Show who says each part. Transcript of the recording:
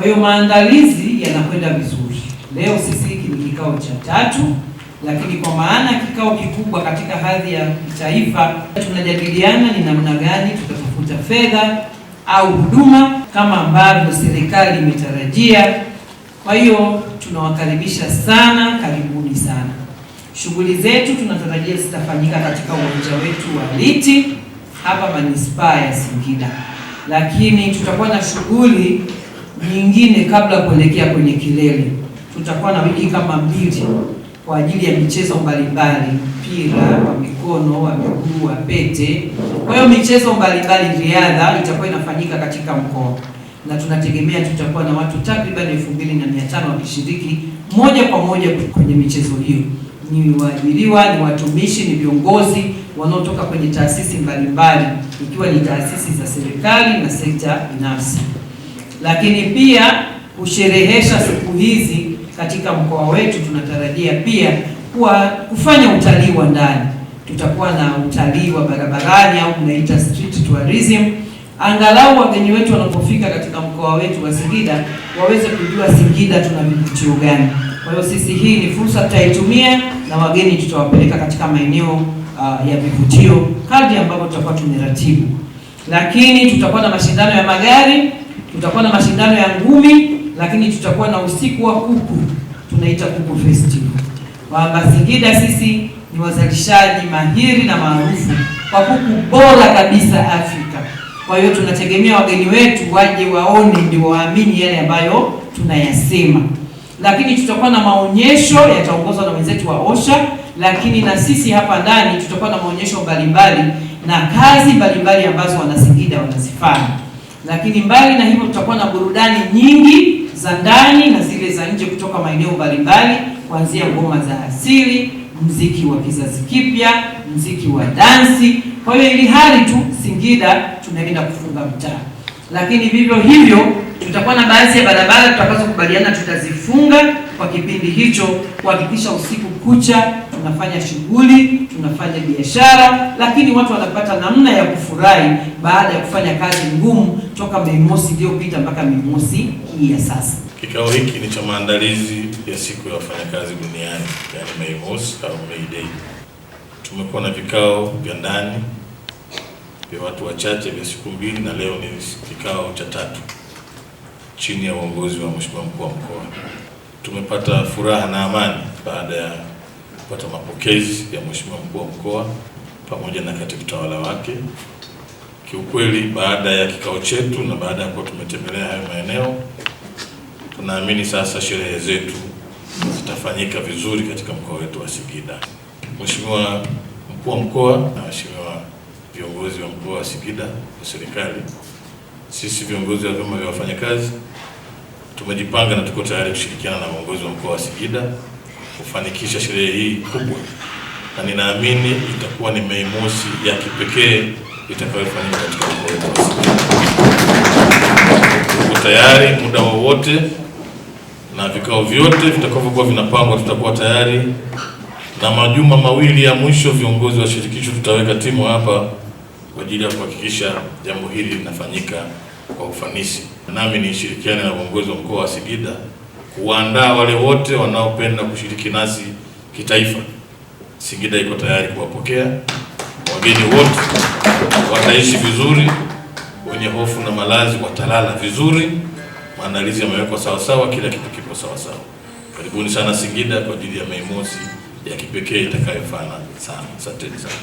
Speaker 1: Kwa hiyo maandalizi yanakwenda vizuri. Leo sisi hiki ni kikao cha tatu, lakini kwa maana kikao kikubwa katika hadhi ya kitaifa, tunajadiliana ni namna gani tutatafuta fedha au huduma kama ambavyo serikali imetarajia. Kwa hiyo tunawakaribisha sana, karibuni sana. Shughuli zetu tunatarajia zitafanyika katika uwanja wetu wa Liti hapa manispaa ya Singida, lakini tutakuwa na shughuli nyingine kabla ya kuelekea kwenye kilele. Tutakuwa na wiki kama mbili kwa ajili ya michezo mbalimbali, mpira wa mikono, wa miguu, wa pete. Kwa hiyo michezo mbalimbali, riadha itakuwa inafanyika katika mkoa, na tunategemea tutakuwa na watu takriban elfu mbili na mia tano wakishiriki moja kwa moja kwenye michezo hiyo. Ni waajiriwa, ni watumishi, ni viongozi wanaotoka kwenye taasisi mbalimbali, ikiwa ni taasisi za serikali na sekta binafsi lakini pia kusherehesha siku hizi katika mkoa wetu, tunatarajia pia kuwa kufanya utalii wa ndani. Tutakuwa na utalii wa barabarani au unaita street tourism, angalau wageni wetu wanapofika katika mkoa wetu wa Singida waweze kujua Singida tuna vivutio gani. Kwa hiyo sisi, hii ni fursa tutaitumia, na wageni tutawapeleka katika maeneo uh, ya vivutio kadri ambavyo tutakuwa tumeratibu, lakini tutakuwa na mashindano ya magari Tutakuwa na mashindano ya ngumi, lakini tutakuwa na usiku wa kuku, tunaita kuku festival. singida sisi ni wazalishaji mahiri na maarufu kwa kuku bora kabisa Afrika. Kwa hiyo tunategemea wageni wetu waje waone, ndio waamini yale ambayo tunayasema. Lakini tutakuwa na maonyesho yataongozwa na wenzetu wa OSHA, lakini na sisi hapa ndani tutakuwa na maonyesho mbalimbali na kazi mbalimbali ambazo Wanasingida wanazifanya. Lakini mbali na hivyo, tutakuwa na burudani nyingi za ndani na zile za nje kutoka maeneo mbalimbali, kuanzia ngoma za asili, mziki wa kizazi kipya, mziki wa dansi. Kwa hiyo ili hali tu Singida tunaenda kufunga mtaa, lakini vivyo hivyo tutakuwa na baadhi ya barabara tutakazokubaliana tutazifunga kwa kipindi hicho kuhakikisha usiku kucha tunafanya shughuli, tunafanya biashara, lakini watu wanapata namna ya kufurahi baada ya kufanya kazi ngumu toka Mei Mosi iliyopita mpaka Mei Mosi hii ya sasa.
Speaker 2: Kikao hiki ni cha maandalizi ya siku ya wafanyakazi duniani, yani Mei Mosi au May Day. Tumekuwa na vikao vya ndani vya watu wachache vya siku mbili, na leo ni kikao cha tatu chini ya uongozi wa Mheshimiwa mkuu wa mkoa tumepata furaha na amani baada ya kupata mapokezi ya Mheshimiwa mkuu wa mkoa pamoja na katibu tawala wake. Kiukweli, baada ya kikao chetu na baada ya kuwa tumetembelea hayo maeneo, tunaamini sasa sherehe zetu zitafanyika vizuri katika mkoa wetu wa Singida. Mheshimiwa mkuu wa mkoa na waheshimiwa viongozi wa mkoa wa Singida wa serikali, sisi viongozi wa vyama vya wafanyakazi tumejipanga na tuko tayari kushirikiana na uongozi wa mkoa wa Singida kufanikisha sherehe hii kubwa, na ninaamini itakuwa ni Mei Mosi ya kipekee itakayofanyika katika mkoa wa Singida. Tuko tayari muda wowote na vikao vyote vitakavyokuwa vinapangwa tutakuwa tayari, na majuma mawili ya mwisho, viongozi wa shirikisho tutaweka timu hapa kwa ajili ya kuhakikisha jambo hili linafanyika kwa ufanisi, nami nishirikiane na uongozi wa mkoa wa Singida kuandaa wale wote wanaopenda kushiriki nasi kitaifa. Singida iko tayari kuwapokea wageni wote, wataishi vizuri, wenye hofu na malazi watalala vizuri, maandalizi yamewekwa sawasawa, kila kitu kipo sawasawa. Karibuni sana Singida kwa ajili ya Mei Mosi ya kipekee itakayofana sana. Asanteni sana.